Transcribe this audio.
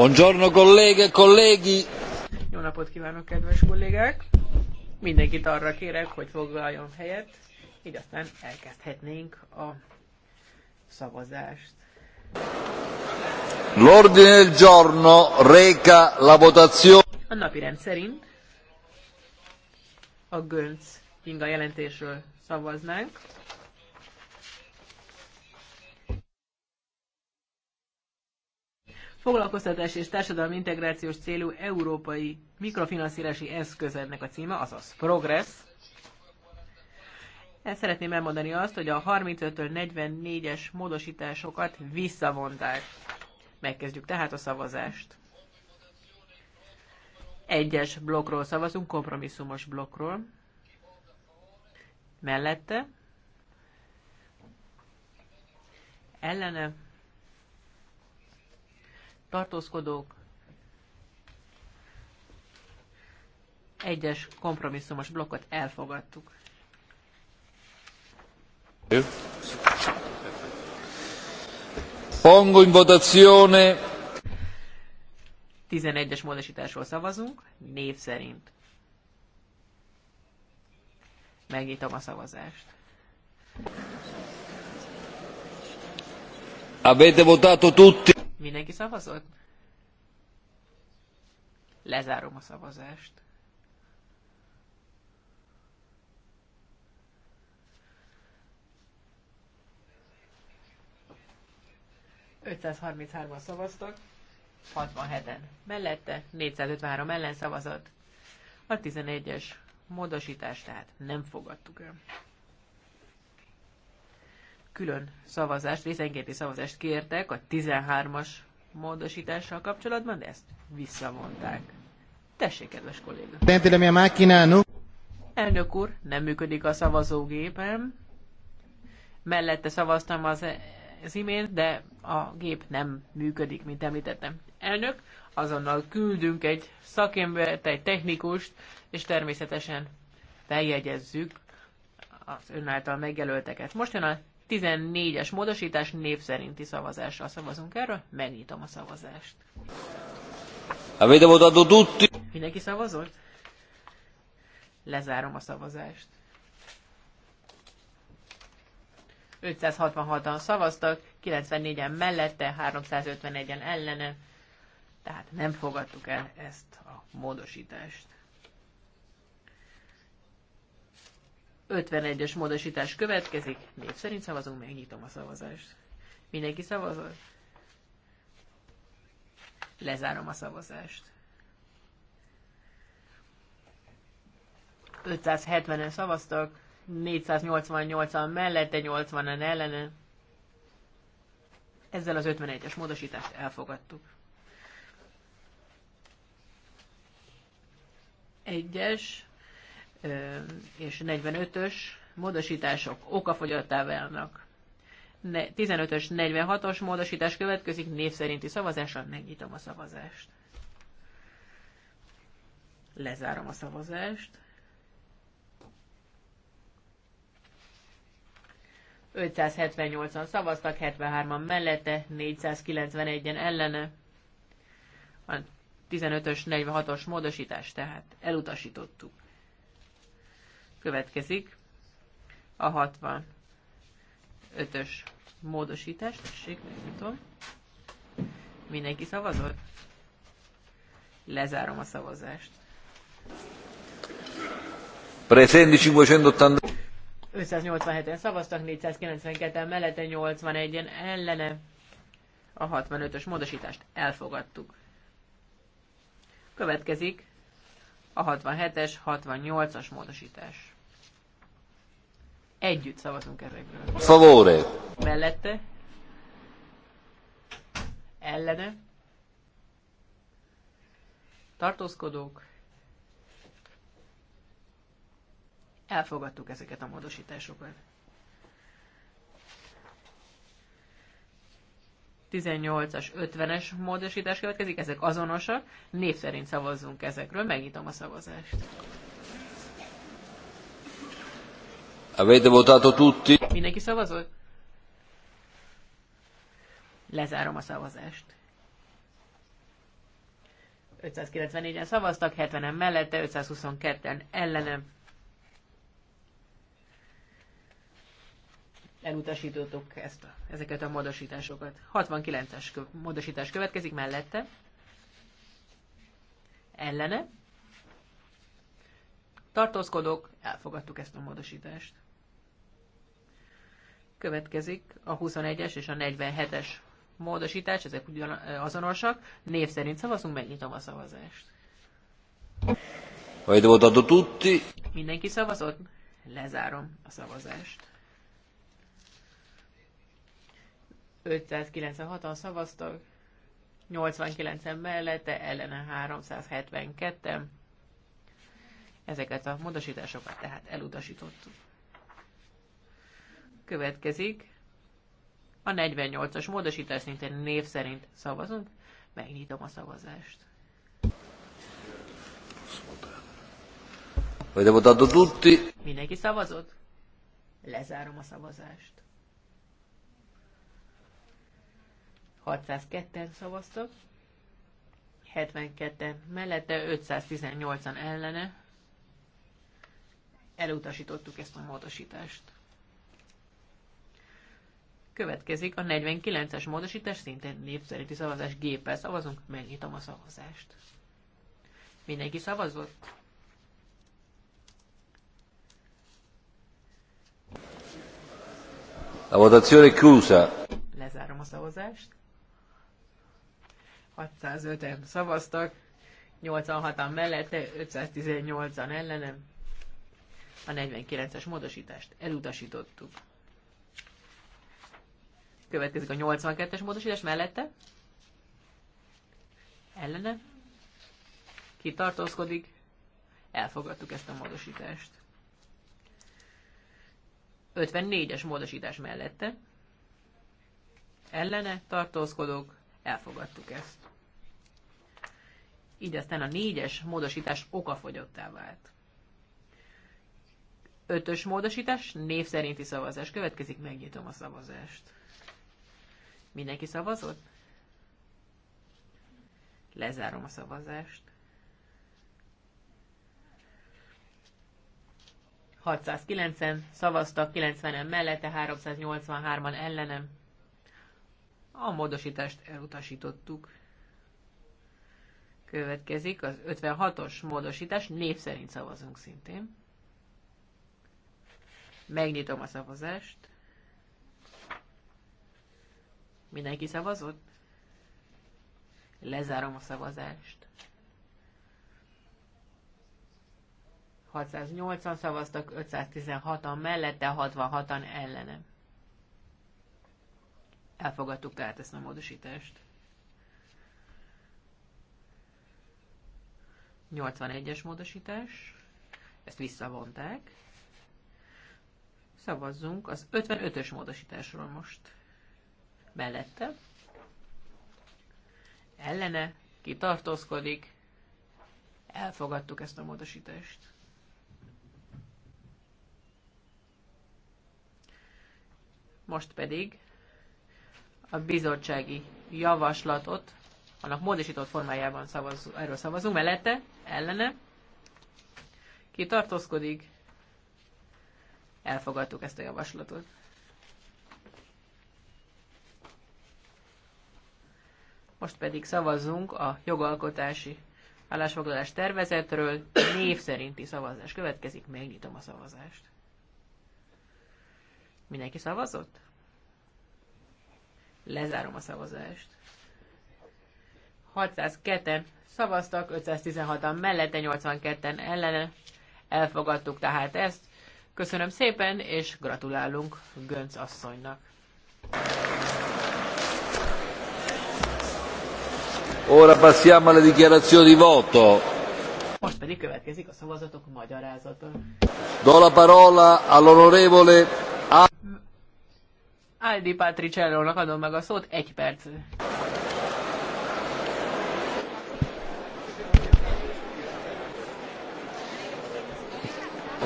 Buongiorno kollége, e colleghi! Jó napot kívánok, kedves kollégák! Mindenkit arra kérek, hogy foglaljon helyet, így aztán elkezdhetnénk a szavazást. L'ordine del giorno reca la votazione. A napirend szerint a Gönc Inga jelentésről szavaznánk. Foglalkoztatás és társadalmi integrációs célú európai mikrofinanszírási eszköz ennek a címe, azaz Progress. Ezt szeretném elmondani azt, hogy a 35-től 44-es módosításokat visszavonták. Megkezdjük tehát a szavazást. Egyes blokkról szavazunk, kompromisszumos blokkról. Mellette. Ellene tartózkodók, egyes kompromisszumos blokkot elfogadtuk. Pongo in votazione. 11-es módosításról szavazunk, név szerint. Megnyitom a szavazást. Avete votato tutti? Mindenki szavazott? Lezárom a szavazást. ...533-an szavaztak, 67-en mellette, 453 ellen szavazott. A 11-es módosítást tehát nem fogadtuk el külön szavazást, részenkénti szavazást kértek a 13-as módosítással kapcsolatban, de ezt visszavonták. Tessék, kedves kolléga! Elnök úr, nem működik a szavazógépem. Mellette szavaztam az, e- az imént, de a gép nem működik, mint említettem. Elnök, azonnal küldünk egy szakembert, egy technikust, és természetesen feljegyezzük az ön által megjelölteket. Most jön a 14-es módosítás név szerinti szavazásra szavazunk erről. Megnyitom a szavazást. tutti? Mindenki szavazott? Lezárom a szavazást. 566-an szavaztak, 94-en mellette, 351-en ellene, tehát nem fogadtuk el ezt a módosítást. 51-es módosítás következik. Név szerint szavazunk, megnyitom a szavazást. Mindenki szavazott? Lezárom a szavazást. 570-en szavaztak, 488-an mellette, 80 en ellene. Ezzel az 51-es módosítást elfogadtuk. Egyes és 45-ös módosítások okafogyottá válnak. 15-ös, 46-os módosítás következik, név szerinti szavazással megnyitom a szavazást. Lezárom a szavazást. 578-an szavaztak, 73-an mellette, 491-en ellene. A 15-ös, 46-os módosítást tehát elutasítottuk. Következik a 65-ös módosítás. Tessék, megmutom. Mindenki szavazott? Lezárom a szavazást. Presenti 580. 587-en szavaztak, 492-en mellette, 81-en ellene. A 65-ös módosítást elfogadtuk. Következik a 67-es, 68-as módosítás. Együtt szavazunk ezekről. Favore. Mellette. Ellene. Tartózkodók. Elfogadtuk ezeket a módosításokat. 18-as, 50-es módosítás következik, ezek azonosak. Név szerint szavazzunk ezekről, megnyitom a szavazást. Avete votato tutti? Mindenki szavazott? Lezárom a szavazást. 594-en szavaztak, 70-en mellette, 522-en ellenem. Elutasítottuk ezt, ezeket a módosításokat. 69-es módosítás következik mellette. Ellene. Tartózkodok, elfogadtuk ezt a módosítást. Következik a 21-es és a 47-es módosítás, ezek ugyan azonosak. Név szerint szavazunk, megnyitom a szavazást. Avete votato tutti? Mindenki szavazott? Lezárom a szavazást. 596-an szavaztak, 89-en mellette, ellene 372-en. Ezeket a módosításokat tehát elutasítottuk. Következik a 48-as módosítás szintén név szerint szavazunk. Megnyitom a szavazást. Mindenki szavazott? Lezárom a szavazást. 602-en szavaztak, 72-en mellette, 518-an ellene. Elutasítottuk ezt a módosítást. Következik a 49-es módosítás, szintén népszerinti szavazás géppel szavazunk, megnyitom a szavazást. Mindenki szavazott? A votazione chiusa. Lezárom a szavazást. 605-en szavaztak, 86-an mellette, 518-an ellenem. A 49-es módosítást elutasítottuk. Következik a 82-es módosítás mellette. Ellene. Ki Elfogadtuk ezt a módosítást. 54-es módosítás mellette. Ellene Tartózkodok. Elfogadtuk ezt. Így aztán a 4-es módosítás okafogyottá vált. Ötös módosítás, név szerinti szavazás. Következik, megnyitom a szavazást. Mindenki szavazott? Lezárom a szavazást. 609-en szavaztak, 90-en mellette, 383-an ellenem. A módosítást elutasítottuk. Következik az 56-os módosítás, név szerint szavazunk szintén. Megnyitom a szavazást. Mindenki szavazott? Lezárom a szavazást. 680 szavaztak, 516-an mellette, 66-an ellene. Elfogadtuk tehát ezt a módosítást. 81-es módosítás. Ezt visszavonták. Szavazzunk az 55-ös módosításról most mellette, ellene, ki elfogadtuk ezt a módosítást. Most pedig a bizottsági javaslatot, annak módosított formájában szavaz, erről szavazunk, mellette, ellene, ki elfogadtuk ezt a javaslatot. Most pedig szavazzunk a jogalkotási állásfoglalás tervezetről. Név szerinti szavazás következik, megnyitom a szavazást. Mindenki szavazott? Lezárom a szavazást. 602-en szavaztak, 516-an mellette, 82-en ellene. Elfogadtuk tehát ezt. Köszönöm szépen, és gratulálunk Gönc asszonynak. Ora passiamo alle dichiarazioni di voto. Most pedig következik a szavazatok magyarázata. Do la parola all'onorevole Aldi Patricello-nak adom meg a szót, egy perc.